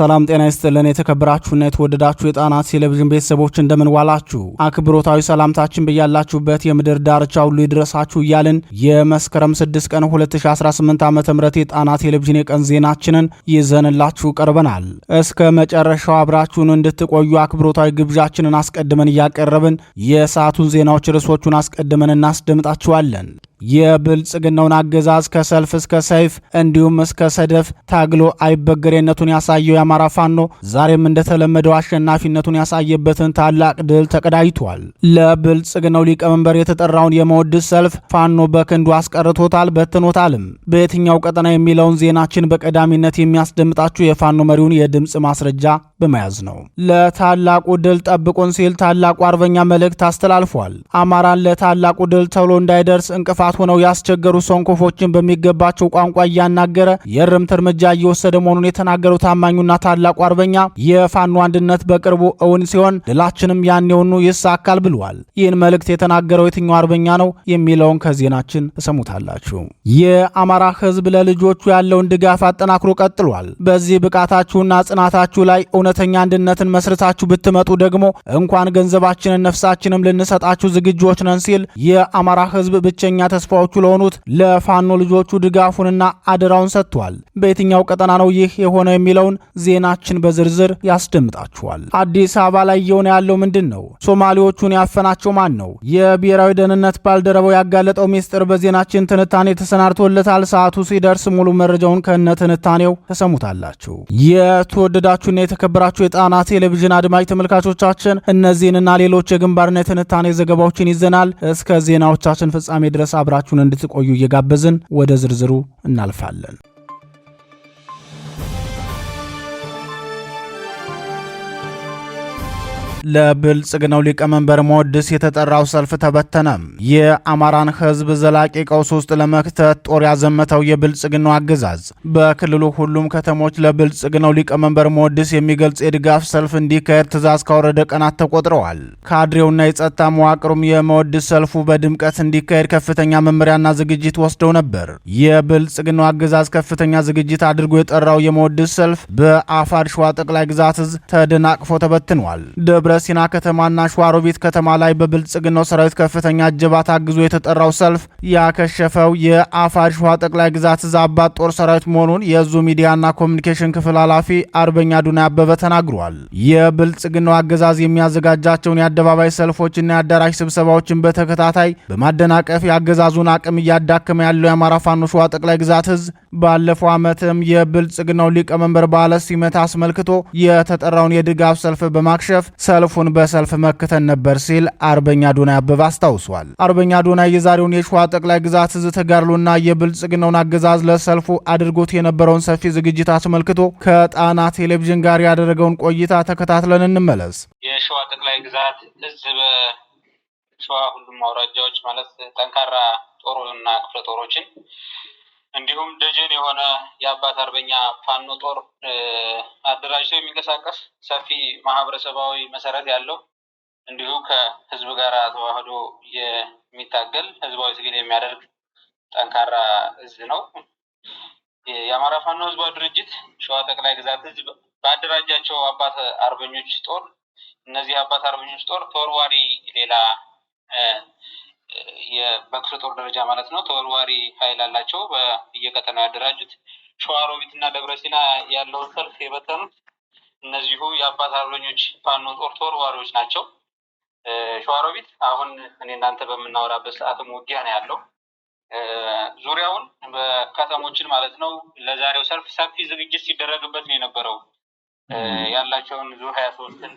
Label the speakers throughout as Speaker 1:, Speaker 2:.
Speaker 1: ሰላም ጤና ይስጥልን። የተከበራችሁና የተወደዳችሁ የጣና ቴሌቪዥን ቤተሰቦች እንደምንዋላችሁ አክብሮታዊ ሰላምታችን በያላችሁበት የምድር ዳርቻ ሁሉ ይድረሳችሁ እያልን የመስከረም 6 ቀን 2018 ዓ ም የጣና ቴሌቪዥን የቀን ዜናችንን ይዘንላችሁ ቀርበናል። እስከ መጨረሻው አብራችሁን እንድትቆዩ አክብሮታዊ ግብዣችንን አስቀድመን እያቀረብን የሰዓቱን ዜናዎች ርዕሶቹን አስቀድመን እናስደምጣችኋለን። የብልጽግናውን አገዛዝ ከሰልፍ እስከ ሰይፍ እንዲሁም እስከ ሰደፍ ታግሎ አይበገሬነቱን ያሳየው የአማራ ፋኖ ዛሬም እንደተለመደው አሸናፊነቱን ያሳየበትን ታላቅ ድል ተቀዳጅቷል። ለብልጽግናው ሊቀመንበር የተጠራውን የመወድስ ሰልፍ ፋኖ በክንዱ አስቀርቶታል፣ በትኖታልም። በየትኛው ቀጠና የሚለውን ዜናችን በቀዳሚነት የሚያስደምጣችሁ የፋኖ መሪውን የድምፅ ማስረጃ በመያዝ ነው። ለታላቁ ድል ጠብቁን ሲል ታላቁ አርበኛ መልእክት አስተላልፏል። አማራን ለታላቁ ድል ተብሎ እንዳይደርስ እንቅፋት እንቅፋት ሆነው ያስቸገሩ ሰንኮፎችን በሚገባቸው ቋንቋ እያናገረ የእርምት እርምጃ እየወሰደ መሆኑን የተናገሩ ታማኙና ታላቁ አርበኛ የፋኖ አንድነት በቅርቡ እውን ሲሆን ድላችንም ያኔውኑ ይሳካል ብሏል። ይህን መልእክት የተናገረው የትኛው አርበኛ ነው የሚለውን ከዜናችን ተሰሙታላችሁ። የአማራ ህዝብ ለልጆቹ ያለውን ድጋፍ አጠናክሮ ቀጥሏል። በዚህ ብቃታችሁና ጽናታችሁ ላይ እውነተኛ አንድነትን መስርታችሁ ብትመጡ ደግሞ እንኳን ገንዘባችንን ነፍሳችንም ልንሰጣችሁ ዝግጁዎች ነን ሲል የአማራ ህዝብ ብቸኛ ተስፋዎቹ ለሆኑት ለፋኖ ልጆቹ ድጋፉንና አደራውን ሰጥቷል። በየትኛው ቀጠና ነው ይህ የሆነው የሚለውን ዜናችን በዝርዝር ያስደምጣችኋል። አዲስ አበባ ላይ እየሆነ ያለው ምንድን ነው? ሶማሌዎቹን ያፈናቸው ማን ነው? የብሔራዊ ደህንነት ባልደረባው ያጋለጠው ሚስጥር በዜናችን ትንታኔ ተሰናድቶለታል። ሰዓቱ ሲደርስ ሙሉ መረጃውን ከነ ትንታኔው ተሰሙታላችሁ። የተወደዳችሁና የተከበራችሁ የጣና ቴሌቪዥን አድማጭ ተመልካቾቻችን እነዚህንና ሌሎች የግንባርና የትንታኔ ዘገባዎችን ይዘናል። እስከ ዜናዎቻችን ፍጻሜ ድረስ አብ አብራችሁን እንድትቆዩ እየጋበዝን ወደ ዝርዝሩ እናልፋለን። ለብልጽግናው ሊቀመንበር መወድስ የተጠራው ሰልፍ ተበተነ። የአማራን ህዝብ ዘላቂ ቀውስ ውስጥ ለመክተት ጦር ያዘመተው የብልጽግናው አገዛዝ በክልሉ ሁሉም ከተሞች ለብልጽግናው ሊቀመንበር መወድስ የሚገልጽ የድጋፍ ሰልፍ እንዲካሄድ ትዕዛዝ ካወረደ ቀናት ተቆጥረዋል። ካድሬውና የጸጥታ መዋቅሩም የመወድስ ሰልፉ በድምቀት እንዲካሄድ ከፍተኛ መመሪያና ዝግጅት ወስደው ነበር። የብልጽግናው አገዛዝ ከፍተኛ ዝግጅት አድርጎ የጠራው የመወድስ ሰልፍ በአፋድ ሸዋ ጠቅላይ ግዛት እዝ ተደናቅፎ ተበትኗል። ደብረ ደብረ ሲና ከተማና ሸዋሮቢት ከተማ ላይ በብልጽግናው ሰራዊት ከፍተኛ እጀባ ታግዞ የተጠራው ሰልፍ ያከሸፈው የአፋድ ሸዋ ጠቅላይ ግዛት ዛባት ጦር ሰራዊት መሆኑን የዙ ሚዲያና ኮሚኒኬሽን ክፍል ኃላፊ አርበኛ ዱና አበበ ተናግሯል። የብልጽግናው አገዛዝ የሚያዘጋጃቸውን የአደባባይ ሰልፎችና የአዳራሽ ስብሰባዎችን በተከታታይ በማደናቀፍ የአገዛዙን አቅም እያዳከመ ያለው የአማራ ፋኖ ሸዋ ጠቅላይ ግዛት እዝ ባለፈው ዓመትም የብልጽግናው ሊቀመንበር በዓለ ሲመታ አስመልክቶ የተጠራውን የድጋፍ ሰልፍ በማክሸፍ ሰልፉን በሰልፍ መክተን ነበር ሲል አርበኛ ዶና አበበ አስታውሷል። አርበኛ ዶና የዛሬውን የሸዋ ጠቅላይ ግዛት እዝ ተጋድሎና የብልጽግናውን አገዛዝ ለሰልፉ አድርጎት የነበረውን ሰፊ ዝግጅት አስመልክቶ ከጣና ቴሌቪዥን ጋር ያደረገውን ቆይታ ተከታትለን እንመለስ። የሸዋ ጠቅላይ ግዛት እዝ በሸዋ ሁሉም አውራጃዎች ማለት ጠንካራ ጦሮና ክፍለ ጦሮችን እንዲሁም ደጀን የሆነ የአባት አርበኛ ፋኖ ጦር አደራጅቶ የሚንቀሳቀስ ሰፊ ማህበረሰባዊ መሰረት ያለው እንዲሁ ከህዝብ ጋር ተዋህዶ የሚታገል ህዝባዊ ትግል የሚያደርግ ጠንካራ እዝ ነው። የአማራ ፋኖ ህዝባዊ ድርጅት ሸዋ ጠቅላይ ግዛት ህዝብ በአደራጃቸው አባት አርበኞች ጦር እነዚህ አባት አርበኞች ጦር ተወርዋሪ ሌላ በክፍለ ጦር ደረጃ ማለት ነው ተወርዋሪ ኃይል አላቸው። በየቀጠናው ያደራጁት ሸዋሮቢትና እና ደብረሲና ያለውን ሰልፍ የበተኑት እነዚሁ የአባት አርበኞች ፋኖ ጦር ተወርዋሪዎች ናቸው። ሸዋሮቢት አሁን እኔ እናንተ በምናወራበት ሰዓትም ውጊያ ነው ያለው። ዙሪያውን በከተሞችን ማለት ነው ለዛሬው ሰልፍ ሰፊ ዝግጅት ሲደረግበት ነው የነበረው። ያላቸውን ዙ ሀያ ሶስትን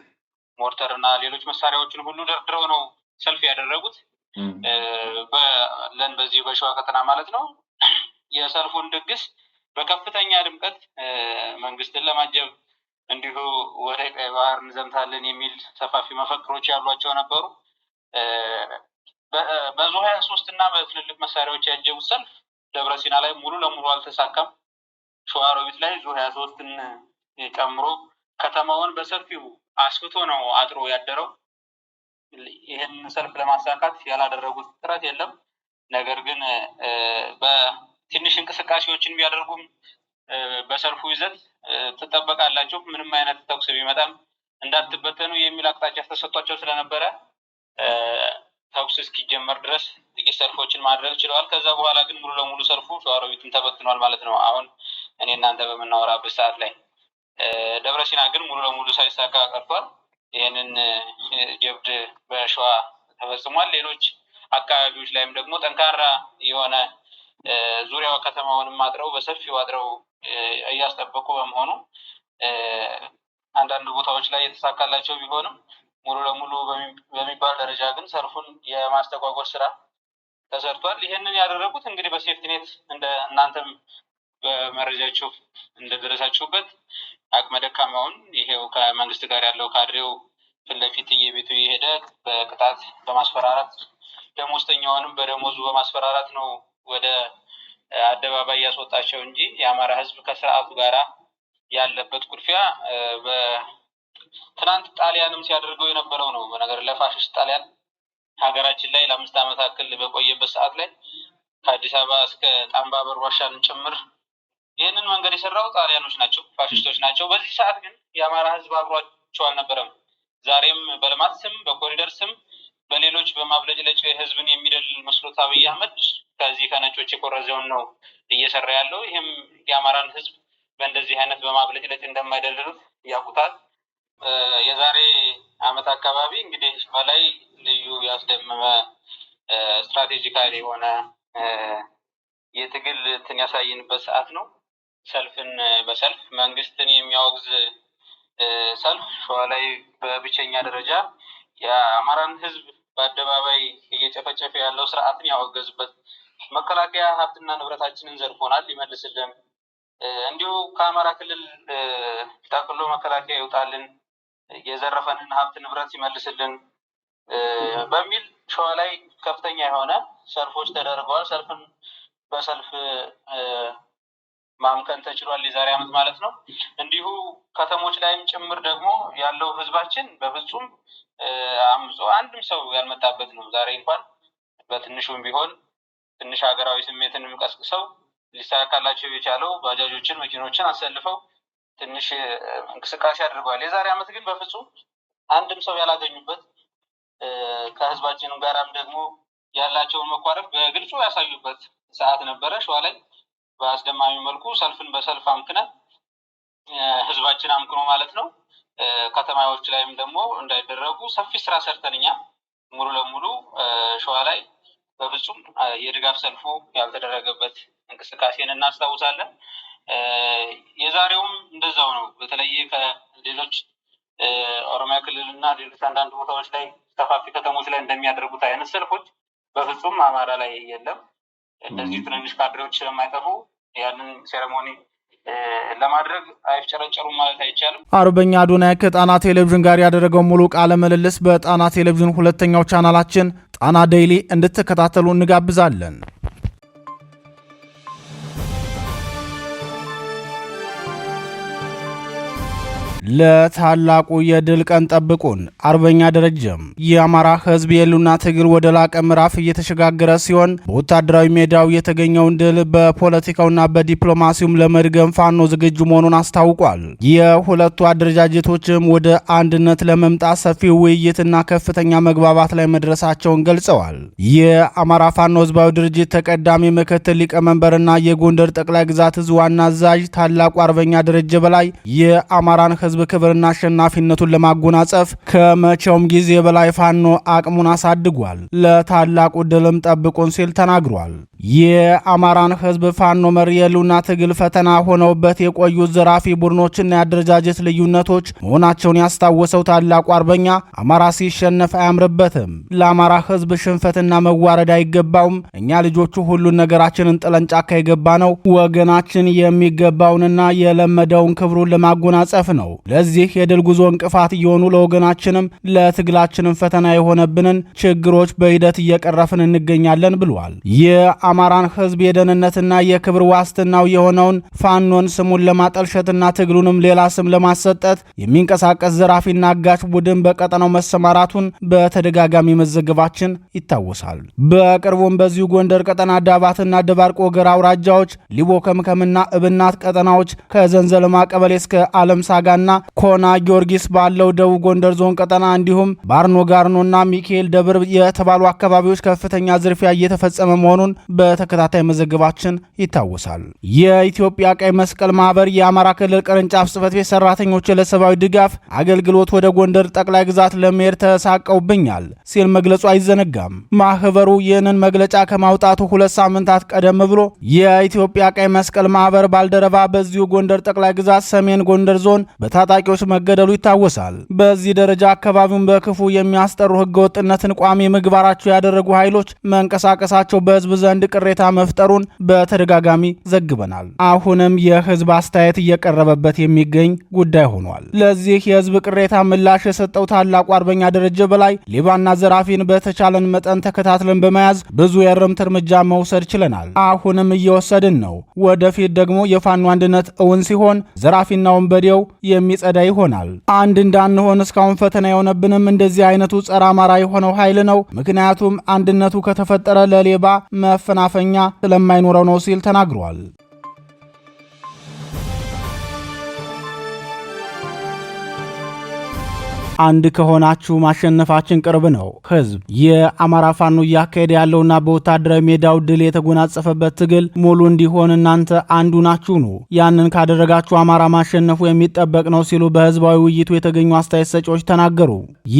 Speaker 1: ሞርተር እና ሌሎች መሳሪያዎችን ሁሉ ደርድረው ነው ሰልፍ ያደረጉት። ለን በዚህ በሸዋ ከተና ማለት ነው የሰልፉን ድግስ በከፍተኛ ድምቀት መንግስትን ለማጀብ እንዲሁ ወደ ቀይ ባህር እንዘምታለን የሚል ሰፋፊ መፈክሮች ያሏቸው ነበሩ። በዙ ሀያ ሶስት እና በትልልቅ መሳሪያዎች ያጀቡት ሰልፍ ደብረ ሲና ላይ ሙሉ ለሙሉ አልተሳካም። ሸዋሮቢት ላይ ዙ ሀያ ሶስትን ጨምሮ ከተማውን በሰፊው አስፍቶ ነው አጥሮ ያደረው። ይህን ሰልፍ ለማሳካት ያላደረጉት ጥረት የለም። ነገር ግን በትንሽ እንቅስቃሴዎችን ቢያደርጉም በሰልፉ ይዘት ትጠበቃላችሁ፣ ምንም አይነት ተኩስ ቢመጣም እንዳትበተኑ የሚል አቅጣጫ ተሰጥቷቸው ስለነበረ ተኩስ እስኪጀመር ድረስ ጥቂት ሰልፎችን ማድረግ ችለዋል። ከዛ በኋላ ግን ሙሉ ለሙሉ ሰልፉ ሸዋሮቢትን ተበትኗል ማለት ነው። አሁን እኔ እናንተ በምናወራበት ሰዓት ላይ ደብረ ሲና ግን ሙሉ ለሙሉ ሳይሳካ ቀርቷል። ይህንን ጀብድ በሸዋ ተፈጽሟል። ሌሎች አካባቢዎች ላይም ደግሞ ጠንካራ የሆነ ዙሪያው ከተማውንም አጥረው በሰፊው አጥረው እያስጠበቁ በመሆኑ አንዳንድ ቦታዎች ላይ የተሳካላቸው ቢሆንም ሙሉ ለሙሉ በሚባል ደረጃ ግን ሰልፉን የማስተጓጎል ስራ ተሰርቷል። ይህንን ያደረጉት እንግዲህ በሴፍትኔት እንደ እናንተም በመረጃችሁ እንደደረሳችሁበት አቅመ ደካማውን ይሄው ከመንግስት ጋር ያለው ካድሬው ፊት ለፊት እየቤቱ እየሄደ በቅጣት በማስፈራራት ደሞዝተኛውንም በደሞዙ በማስፈራራት ነው ወደ አደባባይ ያስወጣቸው እንጂ የአማራ ህዝብ ከስርዓቱ ጋር ያለበት ቁልፊያ ትናንት ጣሊያንም ሲያደርገው የነበረው ነው። በነገር ለፋሽስት ጣሊያን ሀገራችን ላይ ለአምስት ዓመት አክል በቆየበት ሰዓት ላይ ከአዲስ አበባ እስከ ጣምባ በር ዋሻን ጭምር ይህንን መንገድ የሰራው ጣሊያኖች ናቸው፣ ፋሽስቶች ናቸው። በዚህ ሰዓት ግን የአማራ ህዝብ አብሯቸው አልነበረም። ዛሬም በልማት ስም፣ በኮሪደር ስም፣ በሌሎች በማብለጭለጭ ህዝብን የሚደል መስሎት አብይ አህመድ ከዚህ ከነጮች የቆረዘውን ነው እየሰራ ያለው። ይህም የአማራን ህዝብ በእንደዚህ አይነት በማብለጭለጭ እንደማይደልሉት ያውቁታል። የዛሬ አመት አካባቢ እንግዲህ በላይ ልዩ ያስደመመ ስትራቴጂካል የሆነ የትግል እንትን ያሳየንበት ሰዓት ነው። ሰልፍን በሰልፍ መንግስትን የሚያወግዝ ሰልፍ ሸዋ ላይ በብቸኛ ደረጃ የአማራን ህዝብ በአደባባይ እየጨፈጨፈ ያለው ስርዓትን ያወገዙበት መከላከያ ሀብትና ንብረታችንን ዘርፎናል ይመልስልን፣ እንዲሁ ከአማራ ክልል ጠቅሎ መከላከያ ይውጣልን፣ የዘረፈንን ሀብት ንብረት ይመልስልን በሚል ሸዋ ላይ ከፍተኛ የሆነ ሰልፎች ተደርገዋል። ሰልፍን በሰልፍ ማምከን ተችሏል። የዛሬ ዓመት ማለት ነው። እንዲሁ ከተሞች ላይም ጭምር ደግሞ ያለው ህዝባችን በፍጹም አምጾ አንድም ሰው ያልመጣበት ነው። ዛሬ እንኳን በትንሹም ቢሆን ትንሽ ሀገራዊ ስሜትን ቀስቅሰው ሊሳካላቸው የቻለው ባጃጆችን፣ መኪኖችን አሰልፈው ትንሽ እንቅስቃሴ አድርጓል። የዛሬ ዓመት ግን በፍጹም አንድም ሰው ያላገኙበት ከህዝባችንም ጋራም ደግሞ ያላቸውን መኳረፍ በግልጹ ያሳዩበት ሰዓት ነበረ ሸዋ ላይ በአስደማሚ መልኩ ሰልፍን በሰልፍ አምክነን ህዝባችን አምክኖ ማለት ነው ከተማዎች ላይም ደግሞ እንዳይደረጉ ሰፊ ስራ ሰርተንኛ ሙሉ ለሙሉ ሸዋ ላይ በፍጹም የድጋፍ ሰልፉ ያልተደረገበት እንቅስቃሴን እናስታውሳለን። የዛሬውም እንደዛው ነው። በተለየ ከሌሎች ኦሮሚያ ክልል እና ሌሎች አንዳንድ ቦታዎች ላይ ሰፋፊ ከተሞች ላይ እንደሚያደርጉት አይነት ሰልፎች በፍጹም አማራ ላይ የለም። እንደዚህ ትንንሽ ካድሬዎች ስለማይጠፉ ያንን ሴሬሞኒ ለማድረግ አይፍጨረጨሩም ማለት አይቻልም። አርበኛ አዶናይ ከጣና ቴሌቪዥን ጋር ያደረገው ሙሉ ቃለ ምልልስ በጣና ቴሌቪዥን ሁለተኛው ቻናላችን ጣና ዴይሊ እንድትከታተሉ እንጋብዛለን። ለታላቁ የድል ቀን ጠብቁን። አርበኛ ደረጀም የአማራ ህዝብ የሉና ትግል ወደ ላቀ ምዕራፍ እየተሸጋገረ ሲሆን በወታደራዊ ሜዳው የተገኘውን ድል በፖለቲካውና በዲፕሎማሲውም ለመድገም ፋኖ ዝግጁ መሆኑን አስታውቋል። የሁለቱ አደረጃጀቶችም ወደ አንድነት ለመምጣት ሰፊ ውይይትና ከፍተኛ መግባባት ላይ መድረሳቸውን ገልጸዋል። የአማራ ፋኖ ህዝባዊ ድርጅት ተቀዳሚ ምክትል ሊቀመንበርና የጎንደር ጠቅላይ ግዛት እዝ ዋና አዛዥ ታላቁ አርበኛ ደረጀ በላይ የአማራን ህዝብ ክብርና አሸናፊነቱን ለማጎናጸፍ ከመቼውም ጊዜ በላይ ፋኖ አቅሙን አሳድጓል፣ ለታላቁ ድልም ጠብቁን ሲል ተናግሯል። የአማራን ህዝብ ፋኖ መሪ የሉና ትግል ፈተና ሆነውበት የቆዩት ዘራፊ ቡድኖችና የአደረጃጀት ልዩነቶች መሆናቸውን ያስታወሰው ታላቁ አርበኛ አማራ ሲሸነፍ አያምርበትም፣ ለአማራ ህዝብ ሽንፈትና መዋረድ አይገባውም። እኛ ልጆቹ ሁሉን ነገራችንን ጥለን ጫካ የገባ ነው። ወገናችን የሚገባውንና የለመደውን ክብሩን ለማጎናጸፍ ነው። ለዚህ የድል ጉዞ እንቅፋት እየሆኑ ለወገናችንም ለትግላችንም ፈተና የሆነብንን ችግሮች በሂደት እየቀረፍን እንገኛለን ብሏል። የአማራን ህዝብ የደህንነትና የክብር ዋስትናው የሆነውን ፋኖን ስሙን ለማጠልሸትና ትግሉንም ሌላ ስም ለማሰጠት የሚንቀሳቀስ ዘራፊና አጋች ቡድን በቀጠናው መሰማራቱን በተደጋጋሚ መዘገባችን ይታወሳል። በቅርቡም በዚሁ ጎንደር ቀጠና ዳባትና ደባርቅ ወገራ አውራጃዎች ሊቦ ከምከምና እብናት ቀጠናዎች ከዘንዘልማ ቀበሌ እስከ አለም ሳጋና ኮና ጊዮርጊስ ባለው ደቡብ ጎንደር ዞን ቀጠና እንዲሁም ባርኖ ጋርኖና ሚካኤል ደብር የተባሉ አካባቢዎች ከፍተኛ ዝርፊያ እየተፈጸመ መሆኑን በተከታታይ መዘገባችን ይታወሳል። የኢትዮጵያ ቀይ መስቀል ማህበር የአማራ ክልል ቅርንጫፍ ጽህፈት ቤት ሰራተኞች ለሰብአዊ ድጋፍ አገልግሎት ወደ ጎንደር ጠቅላይ ግዛት ለመሄድ ተሳቀውብኛል ሲል መግለጹ አይዘነጋም። ማህበሩ ይህንን መግለጫ ከማውጣቱ ሁለት ሳምንታት ቀደም ብሎ የኢትዮጵያ ቀይ መስቀል ማህበር ባልደረባ በዚሁ ጎንደር ጠቅላይ ግዛት ሰሜን ጎንደር ዞን በታጣቂዎች መገደሉ ይታወሳል። በዚህ ደረጃ አካባቢውን በክፉ የሚያስጠሩ ህገወጥነትን ቋሚ ምግባራቸው ያደረጉ ኃይሎች መንቀሳቀሳቸው በህዝብ ዘንድ ዘንድ ቅሬታ መፍጠሩን በተደጋጋሚ ዘግበናል። አሁንም የህዝብ አስተያየት እየቀረበበት የሚገኝ ጉዳይ ሆኗል። ለዚህ የህዝብ ቅሬታ ምላሽ የሰጠው ታላቁ አርበኛ ደረጀ በላይ ሌባና ዘራፊን በተቻለን መጠን ተከታትለን በመያዝ ብዙ የእርምት እርምጃ መውሰድ ችለናል። አሁንም እየወሰድን ነው። ወደፊት ደግሞ የፋኖ አንድነት እውን ሲሆን ዘራፊና ወንበዴው የሚጸዳ ይሆናል። አንድ እንዳንሆን እስካሁን ፈተና የሆነብንም እንደዚህ አይነቱ ጸረ አማራ የሆነው ኃይል ነው። ምክንያቱም አንድነቱ ከተፈጠረ ለሌባ መፈ መፈናፈኛ ስለማይኖረው ነው ሲል ተናግሯል። አንድ ከሆናችሁ ማሸነፋችን ቅርብ ነው። ህዝብ የአማራ ፋኖ እያካሄደ ያለውና በወታደራዊ ሜዳው ድል የተጎናጸፈበት ትግል ሙሉ እንዲሆን እናንተ አንዱ ናችሁ ኑ። ያንን ካደረጋችሁ አማራ ማሸነፉ የሚጠበቅ ነው ሲሉ በህዝባዊ ውይይቱ የተገኙ አስተያየት ሰጪዎች ተናገሩ።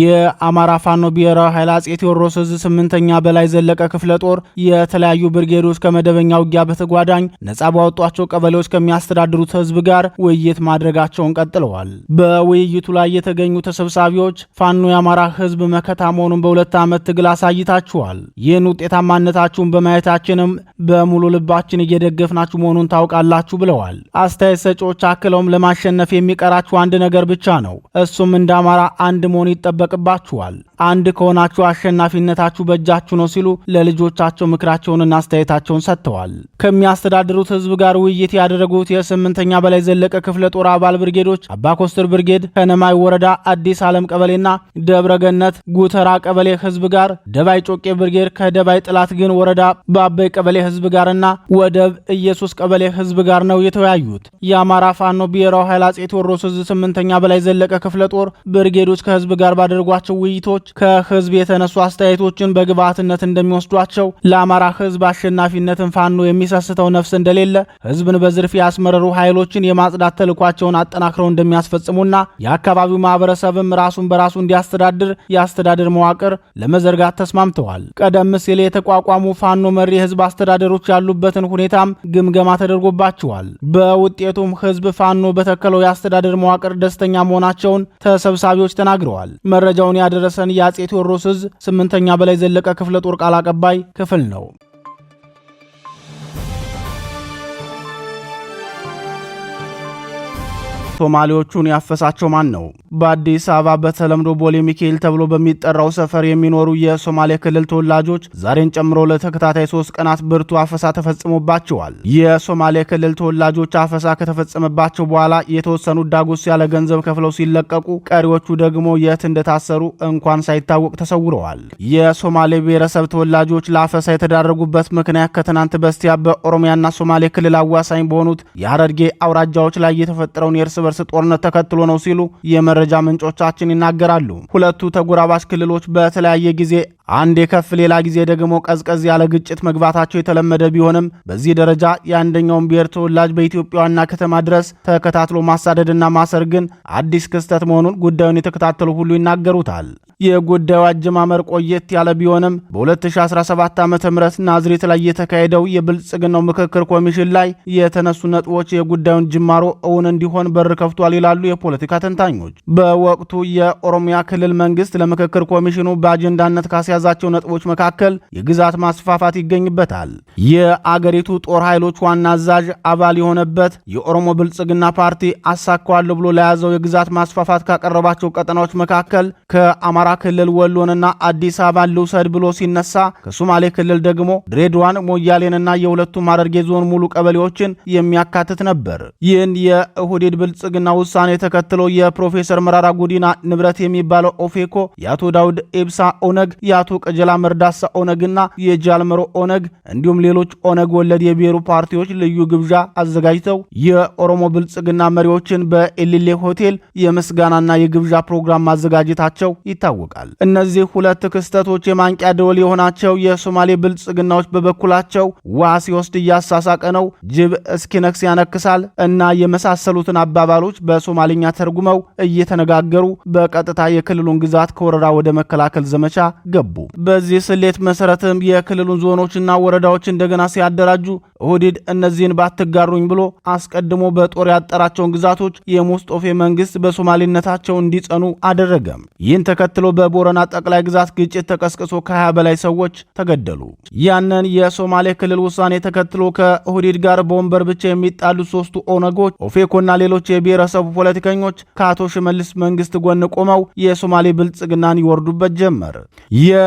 Speaker 1: የአማራ ፋኖ ብሔራዊ ኃይል አጼ ቴዎድሮስ እዝ ስምንተኛ በላይ ዘለቀ ክፍለ ጦር የተለያዩ ብርጌዶች ከመደበኛ ውጊያ በተጓዳኝ ነጻ ባወጧቸው ቀበሌዎች ከሚያስተዳድሩት ህዝብ ጋር ውይይት ማድረጋቸውን ቀጥለዋል። በውይይቱ ላይ የተገኙ ተሰብሳቢ አካባቢዎች ፋኖ የአማራ ህዝብ መከታ መሆኑን በሁለት ዓመት ትግል አሳይታችኋል። ይህን ውጤታማነታችሁን በማየታችንም በሙሉ ልባችን እየደገፍናችሁ መሆኑን ታውቃላችሁ ብለዋል። አስተያየት ሰጪዎች አክለውም ለማሸነፍ የሚቀራችሁ አንድ ነገር ብቻ ነው። እሱም እንደ አማራ አንድ መሆን ይጠበቅባችኋል። አንድ ከሆናችሁ አሸናፊነታችሁ በእጃችሁ ነው ሲሉ ለልጆቻቸው ምክራቸውንና አስተያየታቸውን ሰጥተዋል። ከሚያስተዳድሩት ህዝብ ጋር ውይይት ያደረጉት የስምንተኛ በላይ ዘለቀ ክፍለ ጦር አባል ብርጌዶች አባኮስትር ብርጌድ፣ ከነማይ ወረዳ አዲስ ዓለም ቀበሌና ደብረገነት ጉተራ ቀበሌ ህዝብ ጋር ደባይ ጮቄ ብርጌድ ከደባይ ጥላት ግን ወረዳ በአበይ ቀበሌ ህዝብ ጋርና ወደብ ኢየሱስ ቀበሌ ህዝብ ጋር ነው የተወያዩት። የአማራ ፋኖ ብሔራዊ ኃይል አጼ ቴዎድሮስ እዝ ስምንተኛ በላይ ዘለቀ ክፍለ ጦር ብርጌዶች ከህዝብ ጋር ባደረጓቸው ውይይቶች ከህዝብ የተነሱ አስተያየቶችን በግብዓትነት እንደሚወስዷቸው፣ ለአማራ ህዝብ አሸናፊነትን ፋኖ የሚሰስተው ነፍስ እንደሌለ፣ ህዝብን በዝርፊ ያስመረሩ ኃይሎችን የማጽዳት ተልኳቸውን አጠናክረው እንደሚያስፈጽሙና የአካባቢው ማህበረሰብም ራሱን በራሱ እንዲያስተዳድር የአስተዳደር መዋቅር ለመዘርጋት ተስማምተዋል። ቀደም ሲል የተቋቋሙ ፋኖ መሪ የህዝብ አስተዳደሮች ያሉበትን ሁኔታም ግምገማ ተደርጎባቸዋል። በውጤቱም ህዝብ ፋኖ በተከለው የአስተዳደር መዋቅር ደስተኛ መሆናቸውን ተሰብሳቢዎች ተናግረዋል። መረጃውን ያደረሰን የአጼ ቴዎድሮስ እዝ ስምንተኛ በላይ ዘለቀ ክፍለ ጦር ቃል አቀባይ ክፍል ነው። ሶማሌዎቹን ያፈሳቸው ማን ነው? በአዲስ አበባ በተለምዶ ቦሌ ሚካኤል ተብሎ በሚጠራው ሰፈር የሚኖሩ የሶማሌ ክልል ተወላጆች ዛሬን ጨምሮ ለተከታታይ ሶስት ቀናት ብርቱ አፈሳ ተፈጽሞባቸዋል። የሶማሌ ክልል ተወላጆች አፈሳ ከተፈጸመባቸው በኋላ የተወሰኑት ዳጎስ ያለ ገንዘብ ከፍለው ሲለቀቁ፣ ቀሪዎቹ ደግሞ የት እንደታሰሩ እንኳን ሳይታወቅ ተሰውረዋል። የሶማሌ ብሔረሰብ ተወላጆች ለአፈሳ የተዳረጉበት ምክንያት ከትናንት በስቲያ በኦሮሚያና ሶማሌ ክልል አዋሳኝ በሆኑት የሀረርጌ አውራጃዎች ላይ የተፈጠረውን የእርስ በርስ እርስ ጦርነት ተከትሎ ነው ሲሉ የመረጃ ምንጮቻችን ይናገራሉ። ሁለቱ ተጎራባች ክልሎች በተለያየ ጊዜ አንድ የከፍ ሌላ ጊዜ ደግሞ ቀዝቀዝ ያለ ግጭት መግባታቸው የተለመደ ቢሆንም በዚህ ደረጃ የአንደኛውን ብሔር ተወላጅ በኢትዮጵያ ዋና ከተማ ድረስ ተከታትሎ ማሳደድና ማሰር ግን አዲስ ክስተት መሆኑን ጉዳዩን የተከታተሉ ሁሉ ይናገሩታል። የጉዳዩ አጀማመር ቆየት ያለ ቢሆንም በ2017 ዓ ም ናዝሬት ላይ የተካሄደው የብልጽግናው ምክክር ኮሚሽን ላይ የተነሱ ነጥቦች የጉዳዩን ጅማሮ እውን እንዲሆን በር ከፍቷል ይላሉ የፖለቲካ ተንታኞች። በወቅቱ የኦሮሚያ ክልል መንግስት ለምክክር ኮሚሽኑ በአጀንዳነት ካስያዘ ከያዛቸው ነጥቦች መካከል የግዛት ማስፋፋት ይገኝበታል። የአገሪቱ ጦር ኃይሎች ዋና አዛዥ አባል የሆነበት የኦሮሞ ብልጽግና ፓርቲ አሳካዋለሁ ብሎ ለያዘው የግዛት ማስፋፋት ካቀረባቸው ቀጠናዎች መካከል ከአማራ ክልል ወሎንና አዲስ አበባን ልውሰድ ብሎ ሲነሳ ከሶማሌ ክልል ደግሞ ድሬዳዋን፣ ሞያሌንና የሁለቱም ሐረርጌ ዞን ሙሉ ቀበሌዎችን የሚያካትት ነበር። ይህን የኦህዴድ ብልጽግና ውሳኔ ተከትሎ የፕሮፌሰር መራራ ጉዲና ንብረት የሚባለው ኦፌኮ፣ የአቶ ዳውድ ኤብሳ ኦነግ፣ የአቶ ቀጀላ መርዳሳ ኦነግና የጃልመሮ ኦነግ እንዲሁም ሌሎች ኦነግ ወለድ የብሔሩ ፓርቲዎች ልዩ ግብዣ አዘጋጅተው የኦሮሞ ብልጽግና መሪዎችን በኤሊሌ ሆቴል የምስጋናና የግብዣ ፕሮግራም ማዘጋጀታቸው ይታወቃል። እነዚህ ሁለት ክስተቶች የማንቂያ ደወል የሆናቸው የሶማሌ ብልጽግናዎች በበኩላቸው ውሃ ሲወስድ እያሳሳቀ ነው፣ ጅብ እስኪነክስ ያነክሳል እና የመሳሰሉትን አባባሎች በሶማሌኛ ተርጉመው እየተነጋገሩ በቀጥታ የክልሉን ግዛት ከወረራ ወደ መከላከል ዘመቻ ገቡ። ገቡ። በዚህ ስሌት መሰረትም የክልሉን ዞኖችና ወረዳዎች እንደገና ሲያደራጁ ኦህዴድ እነዚህን ባትጋሩኝ ብሎ አስቀድሞ በጦር ያጠራቸውን ግዛቶች የሙስጦፌ መንግስት በሶማሌነታቸው እንዲጸኑ አደረገም። ይህን ተከትሎ በቦረና ጠቅላይ ግዛት ግጭት ተቀስቅሶ ከ20 በላይ ሰዎች ተገደሉ። ያንን የሶማሌ ክልል ውሳኔ ተከትሎ ከኦህዴድ ጋር በወንበር ብቻ የሚጣሉት ሶስቱ ኦነጎች ኦፌኮና ሌሎች የብሔረሰቡ ፖለቲከኞች ከአቶ ሽመልስ መንግስት ጎን ቆመው የሶማሌ ብልጽግናን ይወርዱበት ጀመር።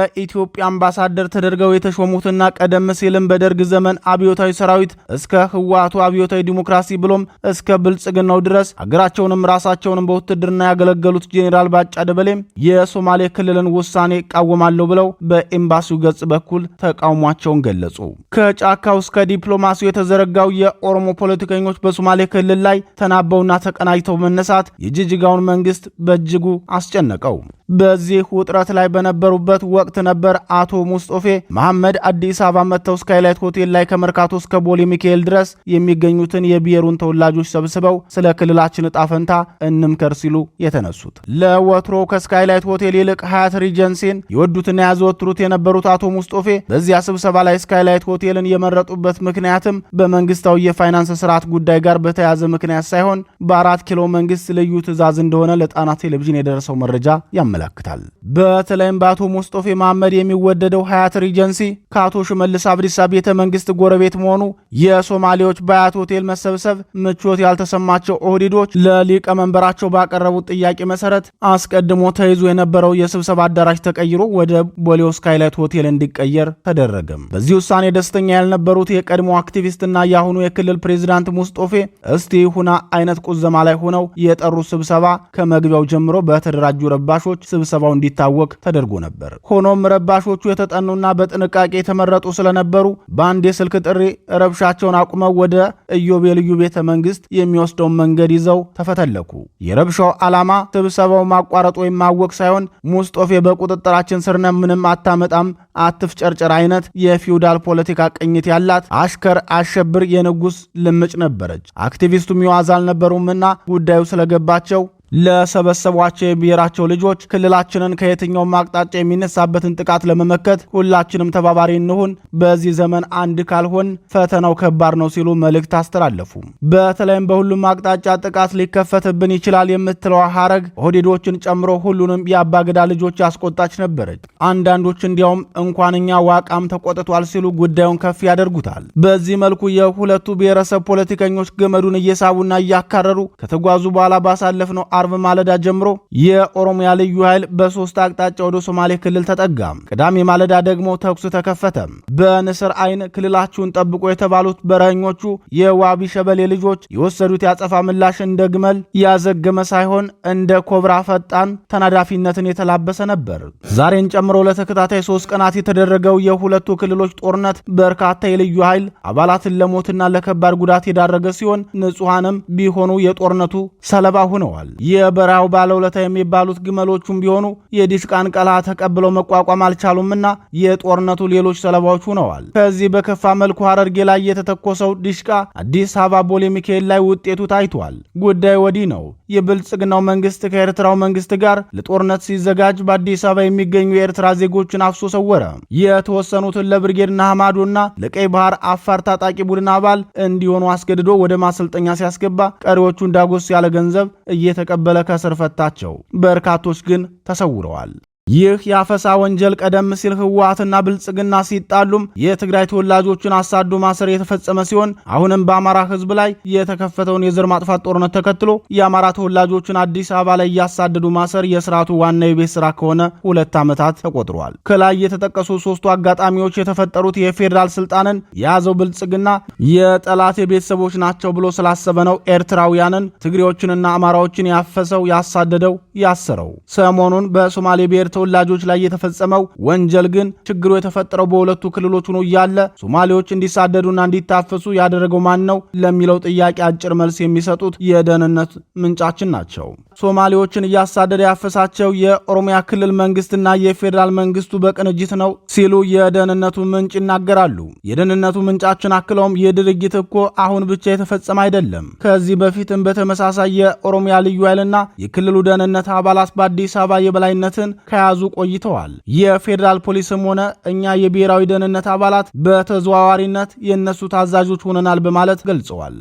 Speaker 1: የኢትዮጵያ አምባሳደር ተደርገው የተሾሙትና ቀደም ሲልም በደርግ ዘመን አብዮታዊ ሰራዊት እስከ ህወሓቱ አብዮታዊ ዲሞክራሲ ብሎም እስከ ብልጽግናው ድረስ ሀገራቸውንም ራሳቸውንም በውትድርና ያገለገሉት ጄኔራል ባጫ ደበሌም የሶማሌ ክልልን ውሳኔ እቃወማለሁ ብለው በኤምባሲው ገጽ በኩል ተቃውሟቸውን ገለጹ። ከጫካው እስከ ዲፕሎማሲው የተዘረጋው የኦሮሞ ፖለቲከኞች በሶማሌ ክልል ላይ ተናበውና ተቀናጅተው መነሳት የጅጅጋውን መንግስት በእጅጉ አስጨነቀው። በዚህ ውጥረት ላይ በነበሩበት ወቅት ወቅት ነበር አቶ ሙስጦፌ መሐመድ አዲስ አበባ መጥተው ስካይላይት ሆቴል ላይ ከመርካቶ እስከ ቦሌ ሚካኤል ድረስ የሚገኙትን የብሔሩን ተወላጆች ሰብስበው ስለ ክልላችን እጣ ፈንታ እንምከር ሲሉ የተነሱት። ለወትሮ ከስካይላይት ሆቴል ይልቅ ሀያት ሪጀንሲን የወዱትና ያዘወትሩት የነበሩት አቶ ሙስጦፌ በዚያ ስብሰባ ላይ ስካይላይት ሆቴልን የመረጡበት ምክንያትም በመንግስታዊ የፋይናንስ ስርዓት ጉዳይ ጋር በተያዘ ምክንያት ሳይሆን በአራት ኪሎ መንግስት ልዩ ትዕዛዝ እንደሆነ ለጣና ቴሌቪዥን የደረሰው መረጃ ያመለክታል። በተለይም በአቶ ሙስጦፌ መሐመድ የሚወደደው ሀያት ሪጀንሲ ከአቶ ሽመልስ አብዲሳ ቤተ መንግስት ጎረቤት መሆኑ፣ የሶማሌዎች በአያት ሆቴል መሰብሰብ ምቾት ያልተሰማቸው ኦህዲዶች ለሊቀመንበራቸው ባቀረቡት ጥያቄ መሰረት አስቀድሞ ተይዞ የነበረው የስብሰባ አዳራሽ ተቀይሮ ወደ ቦሌ ስካይላይት ሆቴል እንዲቀየር ተደረገም። በዚህ ውሳኔ ደስተኛ ያልነበሩት የቀድሞ አክቲቪስትና የአሁኑ የክልል ፕሬዚዳንት ሙስጦፌ እስቲ ሁና አይነት ቁዘማ ላይ ሆነው የጠሩት ስብሰባ ከመግቢያው ጀምሮ በተደራጁ ረባሾች ስብሰባው እንዲታወቅ ተደርጎ ነበር። ሆኖ ሆኖም ረባሾቹ የተጠኑና በጥንቃቄ የተመረጡ ስለነበሩ በአንድ የስልክ ጥሪ ረብሻቸውን አቁመው ወደ ኢዮቤ ልዩ ቤተ መንግስት የሚወስደውን መንገድ ይዘው ተፈተለኩ። የረብሻው ዓላማ ስብሰባው ማቋረጥ ወይም ማወቅ ሳይሆን ሙስጦፌ በቁጥጥራችን ስርነ ምንም አታመጣም፣ አትፍጨርጭር አይነት የፊውዳል ፖለቲካ ቅኝት ያላት አሽከር አሸብር የንጉስ ልምጭ ነበረች። አክቲቪስቱም የዋዛ አልነበሩምና ጉዳዩ ስለገባቸው ለሰበሰቧቸው የብሔራቸው ልጆች ክልላችንን ከየትኛውም አቅጣጫ የሚነሳበትን ጥቃት ለመመከት ሁላችንም ተባባሪ እንሁን። በዚህ ዘመን አንድ ካልሆን ፈተናው ከባድ ነው ሲሉ መልእክት አስተላለፉ። በተለይም በሁሉም አቅጣጫ ጥቃት ሊከፈትብን ይችላል የምትለው ሀረግ ሆዲዶችን ጨምሮ ሁሉንም የአባገዳ ልጆች ያስቆጣች ነበረች። አንዳንዶች እንዲያውም እንኳንኛ ዋቃም ተቆጥቷል ሲሉ ጉዳዩን ከፍ ያደርጉታል። በዚህ መልኩ የሁለቱ ብሔረሰብ ፖለቲከኞች ገመዱን እየሳቡና እያካረሩ ከተጓዙ በኋላ ባሳለፍ ነው አርብ ማለዳ ጀምሮ የኦሮሚያ ልዩ ኃይል በሶስት አቅጣጫ ወደ ሶማሌ ክልል ተጠጋ። ቅዳሜ ማለዳ ደግሞ ተኩስ ተከፈተ። በንስር አይን ክልላችሁን ጠብቆ የተባሉት በረኞቹ የዋቢ ሸበሌ ልጆች የወሰዱት ያጸፋ ምላሽ እንደ ግመል ያዘገመ ሳይሆን እንደ ኮብራ ፈጣን ተናዳፊነትን የተላበሰ ነበር። ዛሬን ጨምሮ ለተከታታይ ሶስት ቀናት የተደረገው የሁለቱ ክልሎች ጦርነት በርካታ የልዩ ኃይል አባላትን ለሞትና ለከባድ ጉዳት የዳረገ ሲሆን ንጹሐንም ቢሆኑ የጦርነቱ ሰለባ ሆነዋል። የበረሃው ባለውለታ የሚባሉት ግመሎቹም ቢሆኑ የዲሽቃን ቀላ ተቀብለው መቋቋም አልቻሉምና የጦርነቱ ሌሎች ሰለባዎች ሆነዋል። ከዚህ በከፋ መልኩ ሀረርጌ ላይ የተተኮሰው ዲሽቃ አዲስ አበባ ቦሌ ሚካኤል ላይ ውጤቱ ታይቷል። ጉዳይ ወዲህ ነው። የብልጽግናው መንግስት ከኤርትራው መንግስት ጋር ለጦርነት ሲዘጋጅ በአዲስ አበባ የሚገኙ የኤርትራ ዜጎችን አፍሶ ሰወረ። የተወሰኑትን ለብርጌድና ሐማዶና ለቀይ ባህር አፋር ታጣቂ ቡድን አባል እንዲሆኑ አስገድዶ ወደ ማሰልጠኛ ሲያስገባ ቀሪዎቹን ዳጎስ ያለ ገንዘብ እየተቀ እየተቀበለ ከእስር ፈታቸው። በርካቶች ግን ተሰውረዋል። ይህ የአፈሳ ወንጀል ቀደም ሲል ህወሓትና ብልጽግና ሲጣሉም የትግራይ ተወላጆቹን አሳዶ ማሰር የተፈጸመ ሲሆን አሁንም በአማራ ህዝብ ላይ የተከፈተውን የዘር ማጥፋት ጦርነት ተከትሎ የአማራ ተወላጆቹን አዲስ አበባ ላይ እያሳደዱ ማሰር የስርዓቱ ዋና የቤት ስራ ከሆነ ሁለት ዓመታት ተቆጥሯል። ከላይ የተጠቀሱ ሶስቱ አጋጣሚዎች የተፈጠሩት የፌዴራል ስልጣንን የያዘው ብልጽግና የጠላት የቤተሰቦች ናቸው ብሎ ስላሰበ ነው ኤርትራውያንን ትግሬዎችንና አማራዎችን ያፈሰው፣ ያሳደደው፣ ያሰረው። ሰሞኑን በሶማሌ ብሔር ተወላጆች ላይ የተፈጸመው ወንጀል ግን ችግሩ የተፈጠረው በሁለቱ ክልሎች ሆኖ እያለ ሶማሌዎች እንዲሳደዱና እንዲታፈሱ ያደረገው ማን ነው ለሚለው ጥያቄ አጭር መልስ የሚሰጡት የደህንነት ምንጫችን ናቸው። ሶማሌዎችን እያሳደደ ያፈሳቸው የኦሮሚያ ክልል መንግስትና የፌዴራል መንግስቱ በቅንጅት ነው ሲሉ የደህንነቱ ምንጭ ይናገራሉ። የደህንነቱ ምንጫችን አክለውም ይህ ድርጊት እኮ አሁን ብቻ የተፈጸመ አይደለም። ከዚህ በፊትም በተመሳሳይ የኦሮሚያ ልዩ ኃይልና የክልሉ ደህንነት አባላት በአዲስ አበባ የበላይነትን ከያ ከያዙ ቆይተዋል። የፌዴራል ፖሊስም ሆነ እኛ የብሔራዊ ደህንነት አባላት በተዘዋዋሪነት የእነሱ ታዛዦች ሆነናል በማለት ገልጸዋል።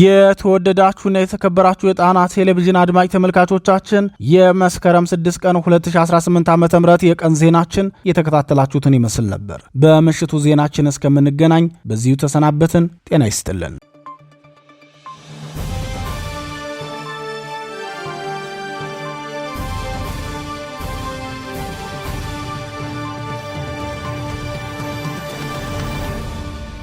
Speaker 1: የተወደዳችሁና የተከበራችሁ የጣና ቴሌቪዥን አድማጭ ተመልካቾቻችን የመስከረም 6 ቀን 2018 ዓ.ም የቀን ዜናችን የተከታተላችሁትን ይመስል ነበር። በምሽቱ ዜናችን እስከምንገናኝ በዚሁ ተሰናበትን። ጤና ይስጥልን።